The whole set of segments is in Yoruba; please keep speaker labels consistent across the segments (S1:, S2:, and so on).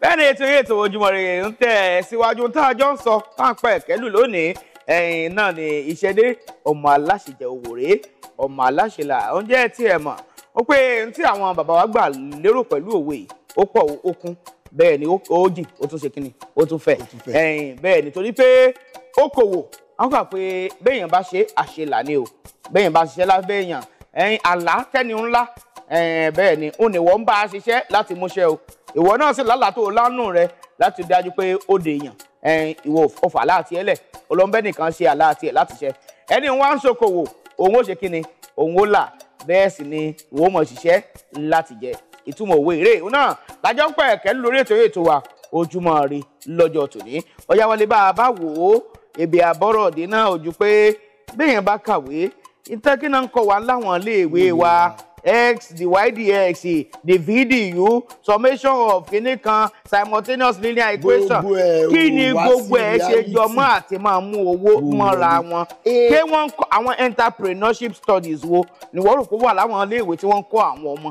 S1: bẹ́ẹ̀ ni ètò yìí ètò Ojúmọ́ Ire ń tẹ̀ síwájú tá a jọ ń sọ páńpẹ́ ìkẹ́lù lónìí ẹ̀yìn náà ni iṣẹ́ dé ọmọ aláṣejẹ òwòrè ọmọ aláṣelà oúnjẹ tí ẹ mọ̀ ó pé n tí àwọn bàbá wa gbà lérò pẹ̀lú òwe yìí ó pọ̀ ó bẹ́ẹ̀ ni ó jìn ó tún ṣe kínní ó tún fẹ̀ ẹ̀yìn bẹ́ẹ̀ ni torí pé okòwò àwọn kà pé béèyàn bá ṣe àṣelà ni o béèyàn bá ṣiṣẹ́ lábẹ́ èèyàn ẹ̀yìn àlá tẹ́ni ńlá bẹ́ẹ̀ ni ó ní wọ́n ń bá a ṣiṣẹ́ láti múṣẹ́ o ìwọ náà sì lálàá tó lánù rẹ láti dájú pé ó dèèyàn ìwọ ọfà láti ẹlẹ olóńbẹ nìkan ṣe àlá àti ẹ láti ṣe ẹni wá ń ṣokòwò òun ó ṣe kíni òun ó là bẹ́ẹ̀ sì ni òun ó mọ̀ ṣiṣẹ́ láti jẹ ìtumọ̀ òwe eré òun náà lájọ́ ń pẹ̀ ẹ̀kẹ́ lórí ètò ètò wa ojúmọ́ rí lọ́jọ́ tòní ọ̀yá wọlé bá a bá wò ó èbè àbọ̀rọ̀dé náà ojú pé béèyàn bá kàwé ìtẹ́kínà ń kọ́ wa láwọn iléèwé wa. Mm -hmm x the dy dx divide u summation of kìíní kan simultaneous linear equation kí ni gbogbo ẹ ṣe jọmọ́ àti máa mú owó mọ́ra wọn ké wọ́n kọ́ àwọn entrepreneurship studies wo ni wọ́n rò pé wà láwọn
S2: iléèwé tí wọ́n ń kọ́ àwọn ọmọ.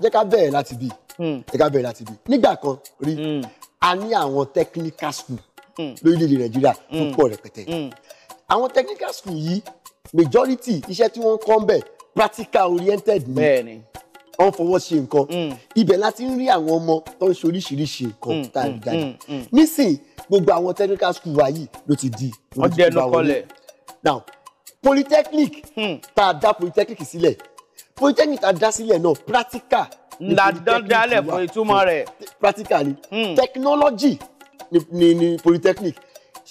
S2: jẹ́ ká bẹ̀rẹ̀ láti bí hmm. jẹ́ ká bẹ̀rẹ̀ láti bí nígbà kan rí hmm. a ní àwọn technical school hmm. lórílẹ̀‐èdè nàìjíríà tó pọ̀ rẹpẹtẹ àwọn technical school yìí majority iṣẹ́ tí wọ́n kọ́ ń bẹ̀ practical oriented ni wọ́n fọwọ́ ṣe nǹkan mm. ibẹ̀ láti ń rí àwọn ọmọ tó ń ṣe oríṣiríṣi nǹkan mm, tá a rí mm, dáadáa nísìnyí gbogbo àwọn technical school wa yìí ló ti di olùdókòwò now polytechnic hmm. tá a dá polytechnic sílẹ̀ polytechnic tá a sílẹ̀ náà practical la dandalẹ fún ìtumọ̀ practically mm. technology ni ni ni polytechnic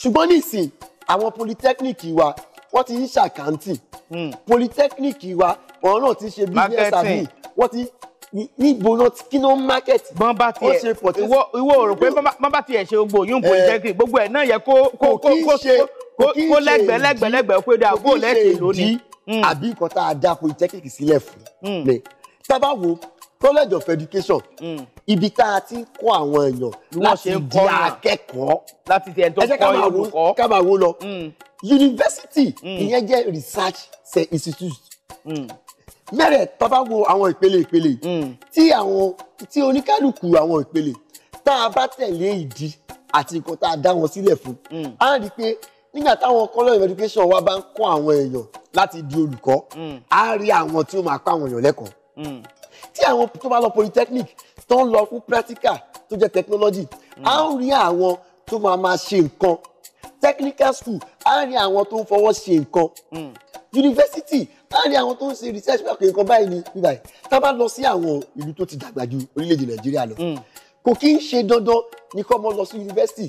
S2: ṣùgbọ́n nísìn àwọn polytechnic wa wọ́n ti ń ṣàkántì hmm. polytechnic wa ọ̀rọ̀ náà ti ṣe business àbí wọ́n ti níbo náà kí ló ń market. bọ́n bá tiẹ̀
S1: ìwọ òrò pé bọ́n bá tiẹ̀ ṣe gbogbo yóò eh. polytechnic gbogbo ẹ̀ náà yẹ kó kó kó kó kó lẹ́gbẹ̀ẹ́ lẹ́gbẹ̀ẹ́ lẹ́gbẹ̀ẹ́ pé dáa bó lẹ́sẹ̀ lónìí.
S2: Hmm. àbí nǹkan tá a dá polytechnic sílẹ̀ fún mi hmm. tá a bá wo college of education ibi tá a ti ń kọ́ àwọn èèyàn ni wọ́n ṣe ń kọ́ akẹ́kọ̀ọ́ láti ti ẹ̀dọ́ kọ́ olùkọ́ ẹ jẹ́ ká máa wo lọ mm. yunifásitì mm. ìyẹn jẹ́ research institute mm. mẹ́rẹ̀ tá bá wo àwọn ìpele ìpele tí àwọn tí oníkálukú àwọn ìpele tá a bá tẹ̀lé ìdí àti nǹkan tá a dá wọn sílẹ̀ fún á rí i pé nígbà táwọn college of education wa bá ń kọ́ àwọn èèyàn láti di olùkọ́ á rí àwọn tí ó máa kọ́ àwọn èèyàn lẹ́kọ̀ọ́ tí àwọn tó bá lọ polytechnic tó ń lọ fún practical tó jẹ́ technology á ń rí àwọn tó máa máa ṣe nǹkan technical school á ń rí àwọn tó ń fọwọ́ ṣe nǹkan yunifásitì hmm. á ń rí àwọn tó ń ṣe research work nǹkan báyìí ní bíbá yìí tá a bá lọ sí àwọn ìlú tó ti dàgbà ju orílẹ̀-èdè nàìjíríà lọ hmm. kò kí ń ṣe dandan ní kó ọmọ lọ sí yunifásitì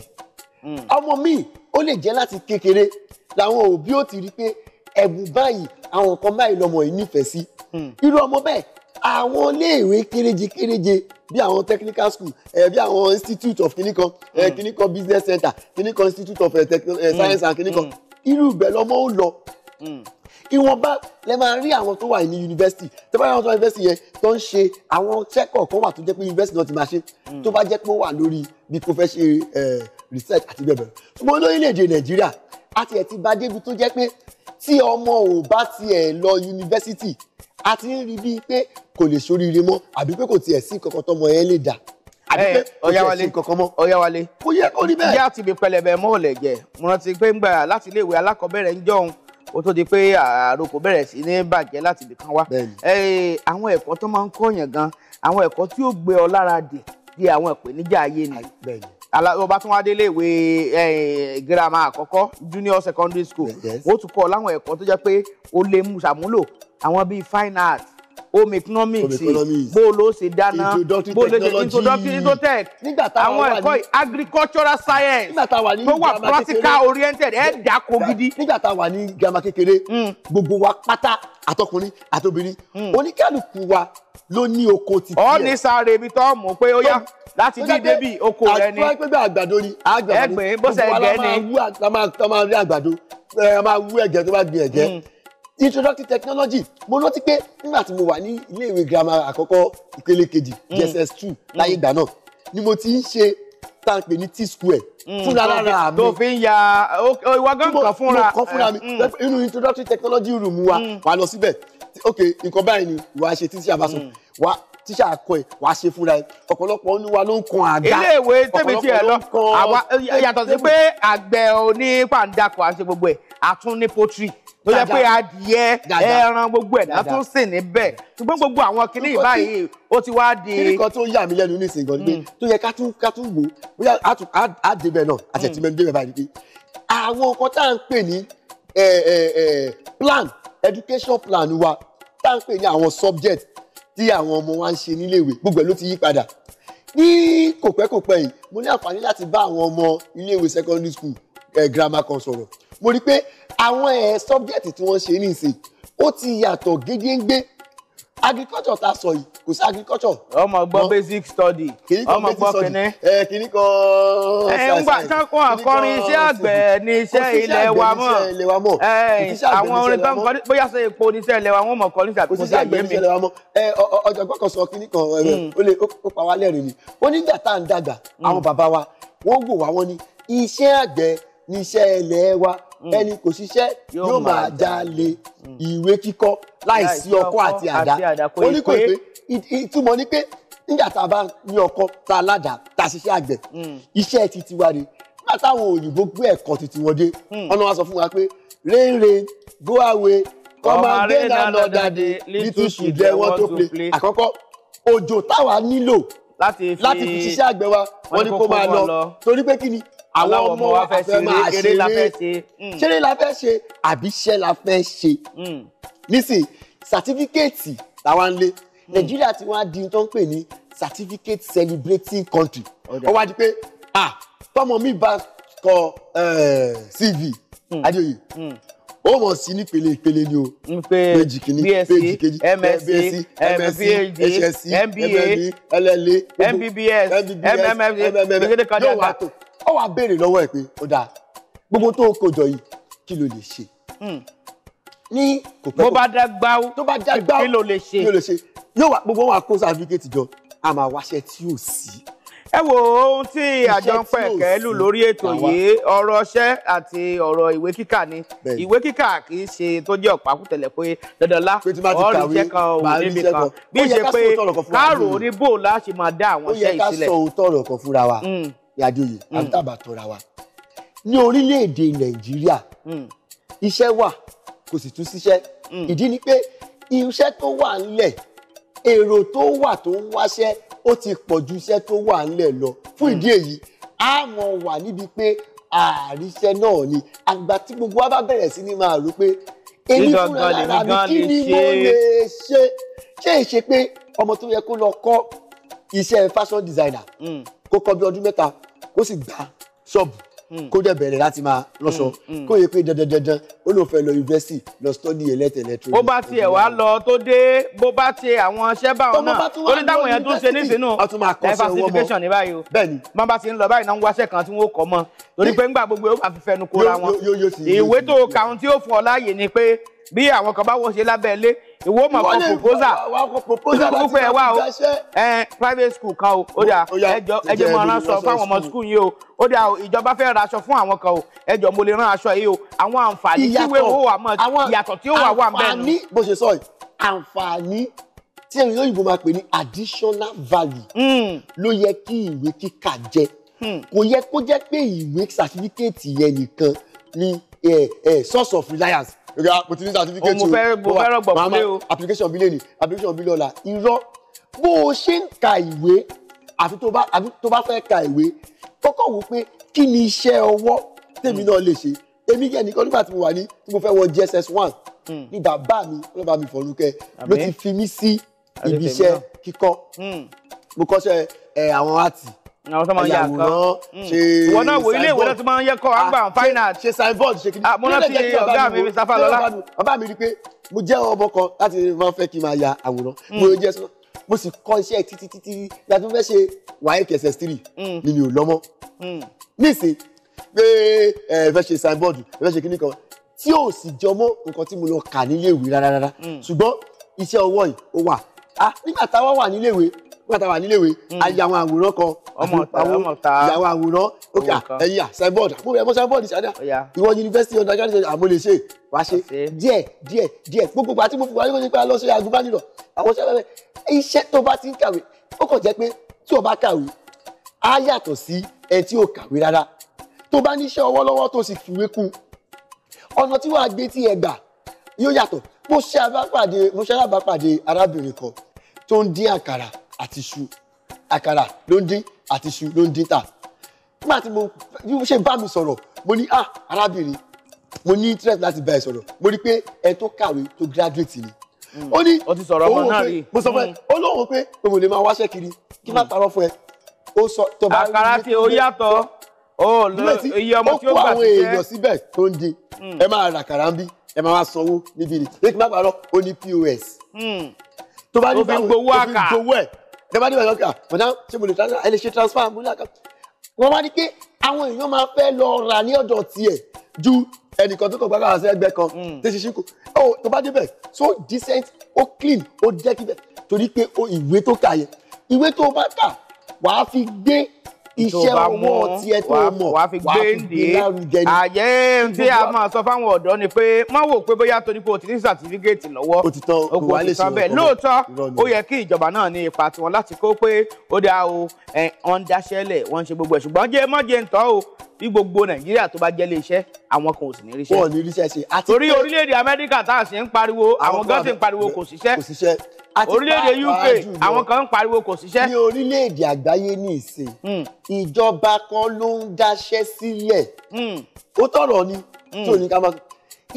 S2: hmm. ọmọ míì ó lè jẹ́ láti kékeré làwọn òbí ó ti rí pé ẹ̀bùn báyìí àwọn nǹkan báyìí lọmọ yìí nífẹ̀ẹ́ sí irú ọmọ bẹ́ẹ̀ àwọn iléèwé kéréje kéréje bí àwọn technical school ẹ bí àwọn institute of kìnìkan ẹ hmm. kìnìkan business center kìnìkan institute of science and kìnìkan hmm. irú ibẹ̀ lọ́mọ ó lọ hmm. ìwọ̀nba lẹ máa rí àwọn tó wà ní yunifásitì tó bá rí àwọn tó wà ní yunifásitì yẹn tó ń ṣe àwọn check-up kan wà tó jẹ́ pé yunifásitì náà ti máa ṣe tó bá jẹ́ pé ó wà lórí bí kò fẹ́ ṣe research àti bẹ́ẹ̀ bẹ́ẹ̀ ṣùgbọ́n lórílẹ̀‐èdè nàìjíríà a tiẹ̀ ti bá débi tó jẹ́ pé tí ọmọ ò bá tiẹ̀ lọ yunifásitì a ti ń rí bíi pé kò lè ṣoríire mọ́ àbí pé kò tiẹ̀ sí kankan tọmọ yẹn lè dà àbí eh, pé kò tiẹ̀ sí
S1: kankan mọ́. ọ̀yáwálé kò yẹ kó rí bẹ́ẹ̀. ìyá àti ibi pẹlẹbẹ mọ́ ò mo rántí pé ń gbà láti iléèwé alákọ̀ọ́bẹ̀rẹ̀ ń jọun ó tó di pé àròkò bẹ̀rẹ̀ sí ní bàjẹ́ láti ibì kan wá. Eh, àwọn ẹ̀kọ́ tó máa ń kọ́yàn gan àwọn ẹ̀kọ́ tí ó gbé ọ lára dè bí àwọn ìpèníjà ayé ni ó bá tún wá délé ìwé girama àkọ́kọ́ junior secondary school ó tún kọ́ láwọn ẹ̀kọ́ tó jẹ́ pé ó lè mú ṣàmúlò àwọn bíi fine arts home economics bó ló ṣe dáná bó ló ṣe introductory introtech àwọn ẹ̀kọ́ agricultural science tó wà practical oriented
S2: ẹ̀ dà kó gidi. nígbà tá a wà ní girama kékeré hmm. gbogbo wa pátá àtọkùnrin àtobìnrin hmm. oníkálùkù wa ló ní oko títí ẹ. ọ ní sáré ibi tó mú pé ó yá láti bí débi oko rẹ ni. àti pé àgbàdo ni àgbàdo ni gbogbo wa la máa wú àgbàdo eh, a máa wú ẹ̀gẹ́ tó bá gbin ẹ̀gẹ́. Hmm introductory technology mo rántí pé nígbà tí mo wà ní iléèwé girama àkọ́kọ́ ìpele kejì JSS hmm. two láyé ìgbà náà ni mo ti ń ṣe tá à ń pè ní T-square hmm. fúnra lára mi tó fi ń ya ìwà gángan fúnra mo kọ́ fúnra mi hmm. inú introductory technology room wa wà lọ síbẹ̀ ok nǹkan báyìí ni wàá ṣe títí àbáṣọ wà tíṣà akọ ẹ wàá ṣe fúnra ẹ ọ̀pọ̀lọpọ̀ ní wa ló ń kan àga ilé ìwé tèmi tí ẹ lọ yàtọ̀ sí pé
S1: àgbẹ̀ òní pàǹdàkọ̀ àti gbogbo ẹ̀ àtún ní poultry tó jẹ́ pé adìẹ ẹran gbogbo ẹ̀dá tó sì níbẹ̀ ṣùgbọ́n
S2: gbogbo àwọn kinní ìbáyìí ó ti wá di. kí nìkan tó ń yà mí lẹ́nu ní ìsìnkàn pé mm. tó yẹ ká tún ká tún wò bóyá á débẹ̀ náà àtẹ̀tí mẹ́nu mm. débẹ̀ báyìí pé àwọn nǹkan tá à ń pè ní plan education plan wa tá à ń pè ní àwọn subject tí àwọn ọmọ wa ń ṣe níléèwé gbogbo ẹ̀ ló ti yí padà ní kòpẹ́kòpẹ́ yìí mo ní àǹfààní láti bá àwọn ọmọ iléèwé secondary school grammar kan sọ̀rọ̀ mo rí pé àwọn ẹ̀ sọ́bjẹ́tì tí wọ́n ṣe ní ìsìn ó ti yàtọ̀ gédéńgbé agriculture ta sọ yìí kò sí agriculture. ọmọ gbọ́ basic study ọmọ gbọ́ kínní. ẹ kínní kan. ẹ ń gbà sákun àkọrin iṣẹ́ àgbẹ̀ ní iṣẹ́ ilẹ̀ wa mọ̀ ẹ àwọn orin tó ń kọ bóyá sọ èpo oníṣẹ́ ilẹ̀ wa wọ́n mọ̀ kọ níṣẹ́ àkóso àgbẹ̀ mi. ẹ ọ̀jọ̀gbọ́n kan sọ kínní kan ó lè ó pa wá lẹ́rìn ni ó nígbà tá à ń dàgbà àwọn hmm. bàbá wa wọ́n wò wá wọ́n ní iṣẹ́ àgbẹ̀ ní iṣẹ́ ilẹ̀ wa Mm. ẹni kò ṣiṣẹ́ yóò máa jalè mm. ìwé kíkọ láìsí ọkọ àti àdá ó ní kò pé ìtumọ̀ ni pé nígbà tá a bá ní ọkọ tá a ládàá tá a ṣiṣẹ́ àgbẹ̀ mm. iṣẹ́ ti tiwa ni nígbà táwọn òyìnbó gbé ẹ̀kọ́ titi wọn dé ọ̀nà wa sọ fún wa pé rain rain go away come and gain another day little children want to play àkọ́kọ́ òjò táwa nílò láti fi ṣiṣẹ́ àgbẹ̀ wa wọ́n ní kó máa lọ torí pé kí ni àwọn ọmọ wa fẹ́ ṣe eré la fẹ́ ṣe ṣeré la fẹ́ ṣe àbí iṣẹ́ la fẹ́ ṣe hmm. nísìn sàtífíkẹ́ẹ̀tì làwọn lé hmm. nàìjíríà ti wá di tó ń pè ní certificate celebrating country ó wá di pé ah tọmọ mi bá kọ cv hmm. adéoyè ó mọ̀ sí nípele ìpele ni o. n pe péjì kìíní péjì kejì msc msc hsc mba lla mbbs mmmf mmmf yóò wá tó ó wàá béèrè lọ́wọ́ ẹ̀ pé ó dáa gbogbo tó kó jọ yìí kí ló lè ṣe. Hmm. ní kò pẹ́ kò tó bá dá gbáwó tó bá dá gbáwó kí ló lè ṣe kí ló lè ṣe yóò wá gbogbo wọn àkóso àfikẹ́tì jọ a máa wáṣẹ́ tí ò sí. ẹ wo ohun
S1: tí àjọ ń pẹ kẹlù lórí ètò yìí ọ̀rọ̀ iṣẹ́ àti ọ̀rọ̀ ìwé kíkà ni ìwé kíkà kì í ṣe tó jẹ́ ọ̀pákùtẹ̀lẹ̀ pé dandanlá ọ̀rọ̀ iṣẹ́ kan ò níbi kan bí ṣe pé káàrò oníbò láti máa dá àwọn iṣẹ́ ìsílẹ̀. ó yẹ ká sọ
S2: òótọ́ ọ̀rọ̀ kan fúnra wa hmm ìyàdíoyè àbí mm. tàbá tọ́ra wa ní orílẹ̀-èdè nàìjíríà mm. iṣẹ́ wà kò sì tún síṣẹ́ mm. ìdí ni pé iṣẹ́ tó wà ńlẹ̀ èrò tó wà tó ń wáṣẹ́ ó ti pọ̀ ju iṣẹ́ tó wà ńlẹ̀ lọ fún ìdí èyí a mọ̀ wà níbi pé àríṣẹ́ náà ni àgbà tí gbogbo wa bá bẹ̀rẹ̀ sí ni máa rò pé èmi fúnra lára mi kí ni mo lè ṣe ṣé ìṣe pé ọmọ tó yẹ kó lọ kọ́ iṣẹ́ fashion designer kó kọ́ bí ọdún mẹ́ta kó sì gbà ṣọ́ọ̀bù hmm. kó dẹ̀ bẹ̀rẹ̀ láti máa lọ́sọ hmm, hmm. kó yẹ pé dandan dandan ó ló fẹ́ lọ yunifásitì lọ study elect electronics. bó bá tiẹ̀ wá
S1: lọ tó dé bó bá tiẹ̀ àwọn ṣẹ́ báwọn náà ó ní táwọn èèyàn tó ń ṣe nísìnyínú diversification ní báyìí o bẹ́ẹ̀ni má bá ti ń lọ báyìí náà ń wáṣẹ́ kan tí wọ́n kọ́ mọ́ torí pé ńgbà gbogbo yóò bá fi fẹnu kóra wọn ìwé tó kàún tí ó fún ọ láàyè ni pé bí àwọn kan bá wọ́n ṣe lábẹ́lé ìwọ mọ̀ kọ proposal proposal láti fẹ́ wá o private school kan o ó dà ẹjọ ẹjẹ mo rán aṣọ fáwọn ọmọ school yìí o ó dà ìjọba fẹ́ ra aṣọ fún àwọn kan o ẹjọ mo lè rán aṣọ yìí o àwọn àǹfààní tí ìwé owó wà ìyàtọ̀ tí ó wà wà bẹ́ẹ̀ nù.
S2: bó ṣe sọ àǹfààní tí ẹ̀yin lóyìnbó máa pè ní additional value hmm. ló yẹ kí ìwé kíkà jẹ hmm. kò yẹ kó jẹ́ pé ìwé certificate yẹn nìkan ni eh, eh, source of reliance ìgbà mo ti ní certificate o mo fẹ́ mo fún mi o application bí lèlè application bí lọ́la irọ́ bó o ṣe ń ka ìwé àfi tó bá fẹ́ ka ìwé kọ́kọ́ wò pé kí ni iṣẹ́ ọwọ́ tèmi hmm. náà lè ṣe èmi yẹn nìkan nígbà tí mo wà ní tí mo fẹ́ wọ JSS one hmm. ní bàbá mi ọlọ́ba mi Fọ̀rúnkẹ́ ló ti fi mí sí ibi iṣẹ́ kíkọ́ hmm. mo kọ́ṣẹ́ àwọn áàtì àwọn tó máa ń yà kan wọn náà wò ilé ìwòlẹ́ tó
S1: máa ń yẹ kọ́ àgbà ah, final. ṣe signboard ṣe kí ni ah, mo náà ti ọ̀gá mi Mr. Falola.
S2: bàbá mi rí i pé mo jẹ́ ọmọ kan láti máa fẹ́ kí n máa ya àwòrán hmm. mo jẹ́ sọ mo sì kọ́ iṣẹ́ títí títí láti fẹ́ ṣe YKSS three hmm. ni mi ò lọ́mọ́ hmm. níìsín pé ẹ fẹ́ ṣe signboard ẹ fẹ́ ṣe kí ni kan tí ò sì jọmọ́ nǹkan tí mo lọ kà níléèwé rárá ṣùgbọ́n iṣẹ́ ọwọ́ yìí ó wà ah, nígbà táwa wà níléèwé pátá wà níléèwé hmm. ayé àwọn àwòrán kan ọmọ ta àwọn àwòrán òkè ẹ̀yìn signboard àpòwé ẹ̀mọ́ signboard ìsàdá ìwọ yunifásitì ọ̀dà jáde àmọ́ lè ṣe wàá ṣe díẹ̀ díẹ̀ díẹ̀ gbogbo àti gbogbo àti gbogbo àlọ́ sí agùnbánirọ̀ àwọn sẹ́wẹ̀ẹ́ iṣẹ́ tó bá ti ń kàwé ó kàn jẹ́ pé tí o bá kàwé á yàtọ̀ sí ẹ tí ò kàwé rárá tó bá níṣẹ́ ọwọ́ lọ́wọ́ tó sì fìwé kú ọ̀nà tí wàá gbé tí ẹ gbà yóò yàtọ̀ mo ṣe alábàpàdé arábìnrin kan tó ń dín àkàrà àti iṣu akara, ló ń dín àti iṣu ló ń dín tà nígbà tí mo bí mo ṣe bá mi sọ̀rọ̀ mo ní ah arábìnrin mo ní interest láti bá ẹ sọ̀rọ̀ mo rí pé ẹ tó kàwé tó graduate ni hmm. ó ní o ti sọ̀rọ̀ ọmọ náà rí mo sọ fún ẹ hmm. ó lóun pé òun lè máa wáṣẹ́ kiri kí má hmm. parọ́ fún ẹ ó sọ tó bá rí àkàrà tí ó yàtọ̀ ó iye ọmọ tí ó gbà síbẹ̀ ó kó àwọn èèyàn síbẹ̀ tó ń di ẹ máa rà kàrà ń bí ẹ máa sanwó níbi ni lẹ́kìn má parọ́ ó ní pos tó bá ní báwo ó fi gbowó ẹ̀ ìjọba ní ìwà ah, fọdà ṣé mo lè transfer ẹ lè ṣe transfer mo ní àkàtà wọn wá ní pé àwọn èèyàn máa fẹ́ lọ rà ní ọ̀dọ̀ tiẹ̀ ju ẹnìkan tó kàn gbára àṣẹ ẹgbẹ́ kan hmm. tó ṣe ṣíkò ó oh, tó bá débẹ̀ so decent ó clean ó jẹ́ kíbẹ̀ torí pé ìwé tó kà yẹn ìwé tó bá kà wàá fi gbé iṣẹ́ ọwọ́ tí ẹ tó mọ̀ wàá fi gbé lárugẹ ni. àyè ń tí a máa sọ fáwọn ọ̀dọ́
S1: ni pé má wò pé bóyá torí pé o ti ní sàtífíkẹ́ẹ̀tì lọ́wọ́ o ti tán o kò wálé sí ọkọ lóòótọ́ ó yẹ kí ìjọba náà ní ipa tiwọn láti kó pé ó dáa o wọ́n ń wọ́n ń ṣe gbogbo ẹ̀ ṣùgbọ́n jẹ́ mọ́jẹ́ ń tọ́ o bí gbogbo nàìjíríà tó bá jẹ́ ilé iṣẹ́ àwọn kan ò sì ní ríṣẹ́. wọn ò ní ríṣẹ́ ṣe àti pé torí orílẹ̀-èdè amẹ́ríkà tá a sì ń pariwo àwọn gan sì ń pariwo kò síṣẹ́ orílẹ̀-èdè uk àwọn kan ń pariwo
S2: kò síṣẹ́. ní orílẹ̀-èdè àgbáyé ní ìsìn hmm. ìjọba kan ló ń dáṣẹ́ sílẹ̀ hmm. ó tọ̀rọ̀ ni hmm. tí ò ní ká máa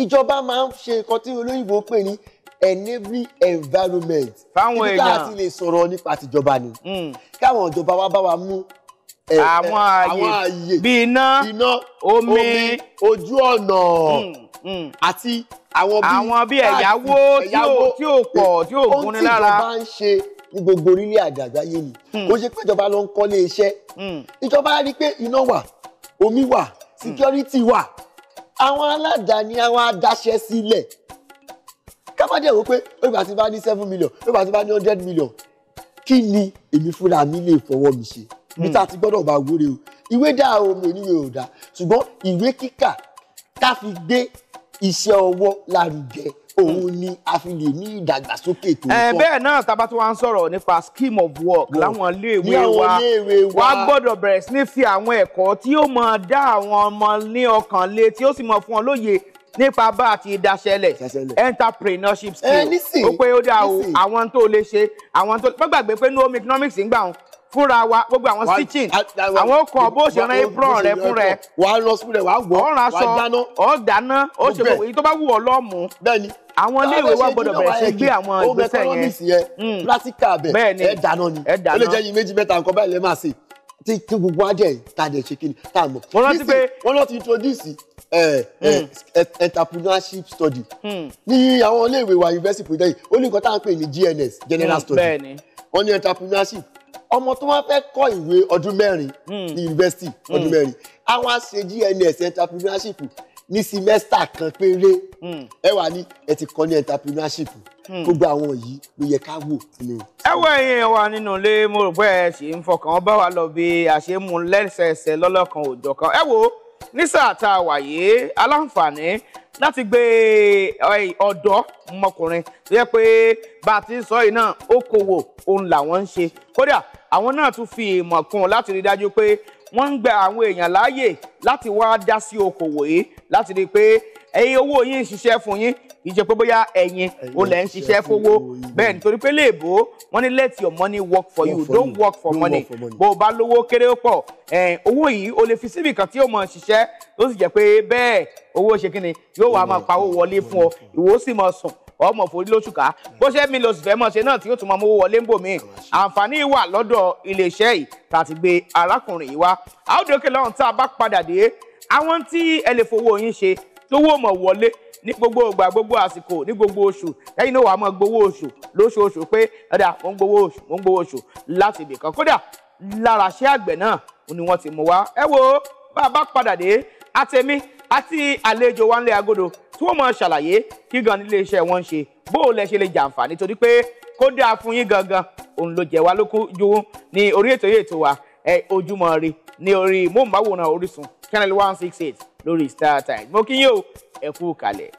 S2: ìjọba máa ń ṣe nǹkan tí olóyìnbó pè ní enabling environment fáwọn èèyàn ibi tá a ti lè sọ̀rọ̀ nípa tìjọba ni káwọn ìjọba wa bá wa mú àwọn ààyè bíi iná omi ojú ọ̀nà hmm,
S1: hmm. àti àwọn bíi àwọn bíi ẹ̀yáwó
S2: tí ò pọ̀ tí ò gúnni lára ohun tí ìjọba ń ṣe ní gbogbo orílẹ̀ àgbáyé ni ó hmm. ṣe pé ìjọba ló ń kọ́lé iṣẹ́ ìjọba rí i pé iná wà omi wà security wà àwọn aládàáni àwọn adáṣẹ́ sílẹ̀ ká má dẹ̀ wò pé ó bá ti bá ní seven million ó bá ti bá ní hundred million kí ni èmi fúnra mi lè fọwọ́ mi ṣe bí tá a ti gbọ́dọ̀ bá wúre o ìwé dá o mi ò níwèé ò dá ṣùgbọ́n ìwé kíkà ká fi gbé iṣẹ́ ọwọ́ lárugẹ òun ni a fi lè ní ìdàgbàsókè tó ń tọ́. bẹ́ẹ̀
S1: náà tá a bá tún wá ń sọ̀rọ̀ nípa scheme of work láwọn iléèwé wa wá gbọ́dọ̀ bẹ̀rẹ̀ sí ní fi àwọn ẹ̀kọ́ tí yóò máa dá àwọn ọmọ ní ọkàn lé tí ó sì máa fún wọn lóye nípa bá a ti daṣẹ́lẹ̀ entrepreneurship skill ó pé ó dá o àwọn tó lè ṣe àwọn tó gbàgbé pé no economics ń gbà wọn fúnra wa gbogbo àwọn stitching
S2: àwọn ọkọ bó ṣe rán apron rẹ fún rẹ wàá lọ sí rẹ wàá wọ ọràn aṣọ
S1: ọdáná ó ṣe gbogbo èyí tó bá wù ọ lọ́mù àwọn iléèwé wa gbọ́dọ̀ bẹ̀rẹ̀ sí gbé àwọn ìgbésẹ̀
S2: yẹn hmm. pílátíkà bẹ ẹ dáná ni ó lè jẹ yín méjì mẹ́ta nǹkan báyìí lè máa ṣe tí tí gbogbo ajẹ ta dẹ ṣe kí ni tá a mọ. wọ́n rántí pé wọ́n lọ ti introduce hmm. entrepreneurship study hmm. ní àwọn iléèwé wa university project ó ní nǹkan tá à ń pè ní GNS general study wọ́n ní entrepreneurship ọmọ tó wá fẹ́ kọ́ ìwé ọdún mẹ́rin ní hmm. yunifásitì ọdún hmm. mẹ́rin a wá ṣe gns entrepreneurship ní simẹ́sítà kan péré hmm. ẹ wà ní ẹ ti kọ́ ní entrepreneurship gbogbo àwọn yìí ló yẹ ká wò nínú.
S1: ẹ wa nínú ilé mo rò pé ẹ ṣì ń fọkàn bá wa lọ bí a ṣe ń mú lẹ́sẹẹsẹ lọ́lọ́kan òjọ̀kan ẹ wo ní sáà tá a wà yìí aláǹfààní láti gbé ọ̀dọ́ ọmọkùnrin tó yẹ pé bá a ti sọ yìí náà okòwò òun làwọn ń ṣe kódà àwọn náà tún fi ìmọ̀ kún láti rí dájú pé wọ́n ń gba àwọn èèyàn láàyè láti wá dá sí okòwò yìí láti rí pé ẹyin owó yín ń ṣiṣẹ́ fún yín ìjẹ́ pé bóyá ẹ̀yin o lẹ̀ ń ṣiṣẹ́ fowó bẹ́ẹ̀ nítorí pé léèbó wọ́n ní let your money work for you don't work for money bó o bá lówó kéré ó pọ̀ owó yìí o lè fi síbì kan tí yóò mọ̀ ṣiṣẹ́ tó sì jẹ́ pé bẹ́ẹ̀ owó ṣe kí ni yóò wá máa pawó wọlé fún ọ ìwọ máa sùn ọmọ forí lóṣù ká bó ṣe mí lọ sì fẹ́ mọ̀ ṣe náà tí yóò tún máa mówó wọlé ń bò míì àǹfààní wà lọ́dọ̀ iléeṣẹ́ yìí tá a ti gbé arákùnrin yìí wá àwòdókè lọ́run tá a bá padà dé àwọn tí ẹ lè fowó yín ṣe tówó mọ̀ wọlé ní gbogbo ìgbà gbogbo àsìkò ní gbogbo oṣù lẹ́yìn náà wàá máa gbowó oṣù lóṣooṣù pé ọ̀dà mo ń gbowó oṣù mo ń gbowó oṣù láti ibì kan kódà lára iṣẹ́ àgbẹ̀ náà ni wọ́n ti mú wá ẹ wo bá a bá padà dé àtẹ̀mí àti àlejò wa ńlẹ̀ agodo tí wọ́n máa ṣàlàyé kí gan nílé iṣẹ́ wọn ń ṣe bó o lẹ ṣe lè jàǹfààní torí pé kó dáa fún yín gangan òun ló jẹ wá lójú ní orí ètò yìí ètò wa ojúmọ́ ire ní orí móhùnmáwòrán Orísun channel one six eight lórí StarTimes mo kí yín o ẹ kú kalẹ̀.